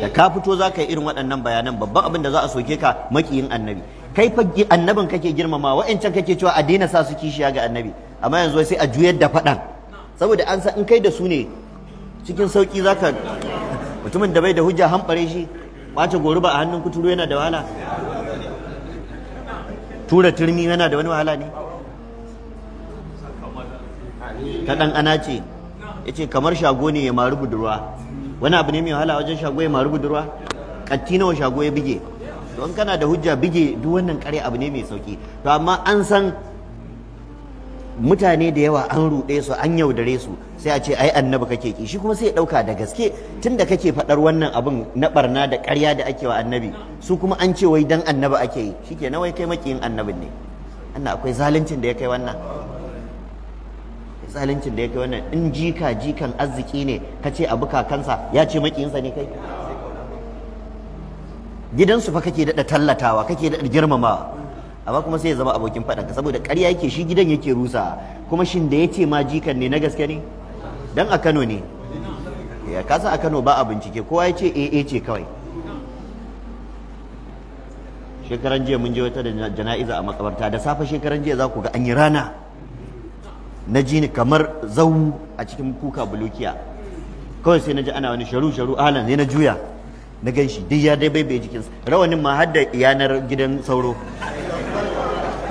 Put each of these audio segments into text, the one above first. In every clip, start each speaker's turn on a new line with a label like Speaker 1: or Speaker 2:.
Speaker 1: da ka fito za ka yi irin waɗannan bayanan babban abin da za a soke ka makiyin annabi kai fa annabin kake girmama wa'ancan kake cewa a daina sa su kishiya ga annabi amma yanzu sai a juyar da faɗan saboda an san in kai da su ne cikin sauki za ka mutumin da bai da hujja hamɓare shi ɓace goruba a hannun kuturu yana da wahala tura turmi yana da wani wahala ne ta ɗan ana ce ya ce kamar shago ne ya mari budurwa wani abu ne mai wahala wajen shago ya maru budurwa ƙatti nawa shago ya bige to kana da hujja bige duk wannan kare abu ne mai sauki to amma an san mutane da yawa an ruɗe su an yaudare su sai a ce ai annabi kake ki shi kuma sai ya ɗauka da gaske tunda kake faɗar wannan abin na barna da ƙarya da ake wa annabi su kuma an ce wai dan annabi ake yi shi ke wai kai makiyin annabin ne annan akwai zaluncin da ya kai wannan tsalincin da ya kai wannan in jika jikan arziki ne ka ce abu kakansa ya ce makiyinsa ne kai gidansu fa kake daɗa tallatawa kake daɗa girmamawa amma kuma sai ya zama abokin faɗanka saboda ƙarya yake shi gidan yake rusa kuma shin da ya ce ma jikan ne na gaske ne dan a Kano ne ya kasa a Kano ba a bincike kowa ya ce eh, eh ce kawai shekaran jiya mun je wata da jana'iza a makabarta da safe shekaran jiya za ku ga an yi rana na ji ni kamar zau a cikin kuka bulukiya kawai sai na ji ana wani sharu sharu alan sai na juya na gan shi duk ya dai bai bai jikinsa rawanin ma har da yanar gidan sauro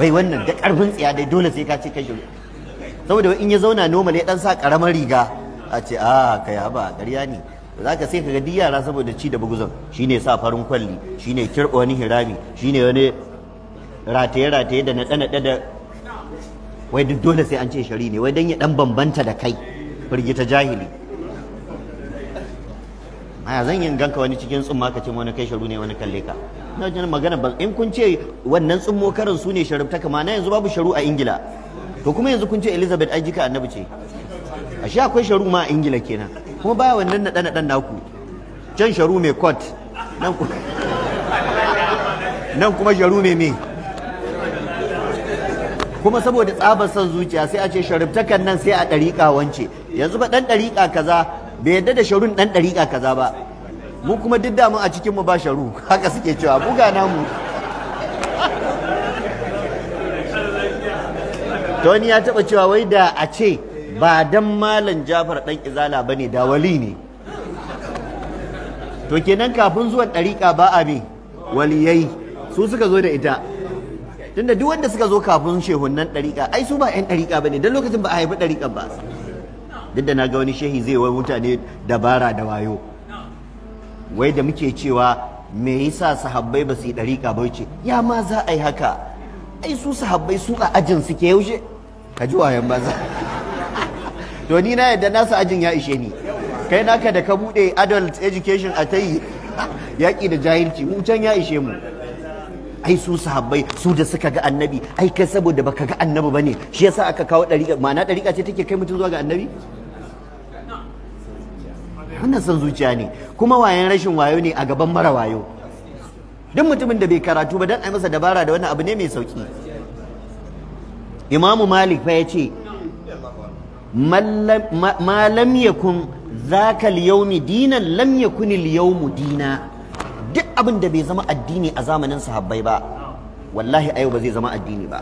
Speaker 1: bai wannan da karfin tsiya dai dole sai ka ce kai shiru. saboda in ya zauna normal ya dan sa karamar riga a ce a ah, kai haba ƙarya ne za ka sai ka ga duk yara saboda ci da buguzan shine sa farin kwalli shine kirɓa wani hirami shine wani rataye-rataye da naɗe-naɗe da wai duk dole sai an ce shari ne wai dan ya dan bambanta da kai firgita jahili aya zan yin ganka wani cikin tsumma ka ce wani kai sharu ne wani kalle ka na jin magana ba in kun ce wannan tsummo karin su ne sharubta kama na yanzu babu sharu a ingila to kuma yanzu kun ce elizabeth ai jika annabi ce ashe akwai sharu ma a ingila kenan kuma baya wannan na dan naku can sharu mai court nan kuma sharu mai me kuma saboda tsabar son zuciya sai a ce sharibtakan nan sai a ɗariƙa wance yanzu ba ɗan ɗariƙa kaza bai yadda da sharun ɗan ɗariƙa kaza ba mu kuma duk damu a cikinmu ba sharu haka suke cewa buga namu Tony ya taɓa cewa wai da a ce ba dan malam Jafar ɗan Izala ne da wali ne to kenan kafin zuwan ɗariƙa ba a me waliyai su suka zo da ita tunda duk wanda suka zo kafin nan ɗariƙa ai su ba 'yan ɗariƙa ba ne don lokacin ba a haifi ɗariƙa ba duk da na ga wani shehi zai wai mutane dabara da wayo wai da muke cewa me yasa sahabbai ba su yi ɗariƙa ba ce ya ma za a yi haka ai su sahabbai su a ajin su ke yaushe ka ji wayan za to ni na yadda nasu ajin ya ishe ni kai naka da ka buɗe adult education a ta yi yaƙi da jahilci mu can ya ishe mu ai su sahabbai su da suka ga annabi ai kai saboda baka ga annabi bane shi yasa aka kawo dariƙa ma'ana dariƙa ce take kai mutum zuwa ga annabi wannan son zuciya ne kuma wayan rashin wayo ne a gaban mara wayo duk mutumin da bai karatu ba dan ai masa dabara da wannan abu ne mai sauki imamu malik fa yace ma yakun zakal yawmi dinan lam yakun al-yawmu dina duk abin da bai zama addini a zamanin sahabbai ba wallahi a yau ba zai zama addini ba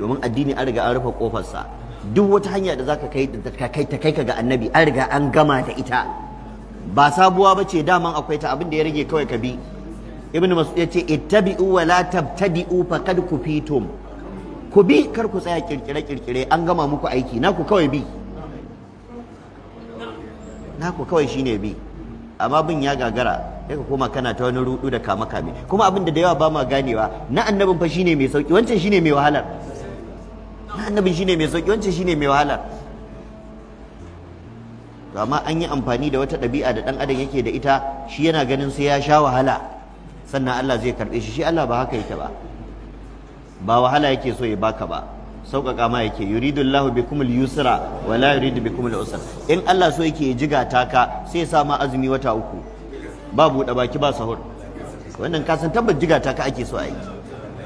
Speaker 1: domin addini an riga an rufe kofarsa duk wata hanya da zaka kai da kai ta kai ka ga annabi an riga an gama da ita ba sabuwa ba ce daman akwai ta abin da ya rage kawai ka bi ibnu mas'ud ce ittabi'u wa la tabtadi'u faqad kufitum ku bi kar ku tsaya kirkire kirkire an gama muku aiki naku kawai bi naku kawai shine bi amma bin ya gagara sai ka koma kana ta wani rudu da kama kame kuma abin da da yawa ba ma ganewa na annabin fa shine mai sauki wancan shine mai wahalar na annabin shine mai sauki wancan shine mai wahalar to amma an yi amfani da wata ɗabi'a da ɗan adam yake da ita shi yana ganin sai ya sha wahala sannan Allah zai karɓe shi shi Allah ba haka yake ba ba wahala yake so ya baka ba sauƙaƙa ma yake yuridu Allah bikum al-yusra wa la yuridu bikum al-usra in Allah so yake jiga ta ka sai sa ma azumi wata uku ba buɗe baki ba sahur wannan ka san tabbas jiga ta ka ake so ai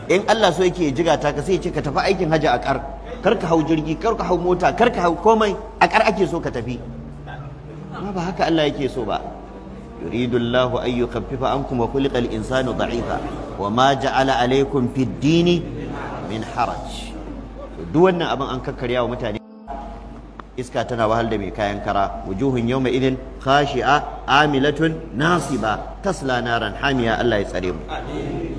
Speaker 1: in Allah so yake jiga ta ka sai ya ce ka tafi aikin haji a kar kar ka hau jirgi kar ka hau mota kar ka hau komai a kar ake so ka tafi amma ba haka Allah yake so ba yuridu Allah an yukhaffifa ankum wa khuliqa al-insanu da'ifa wa ma ja'ala alaykum fid min haraj duk wannan abin an kakkarya wa mutane iska tana wahal da mai kayan kara wujuhun mai idin khashi'a amilatun nasiba tasla naran hamiya Allah ya tsare mu amin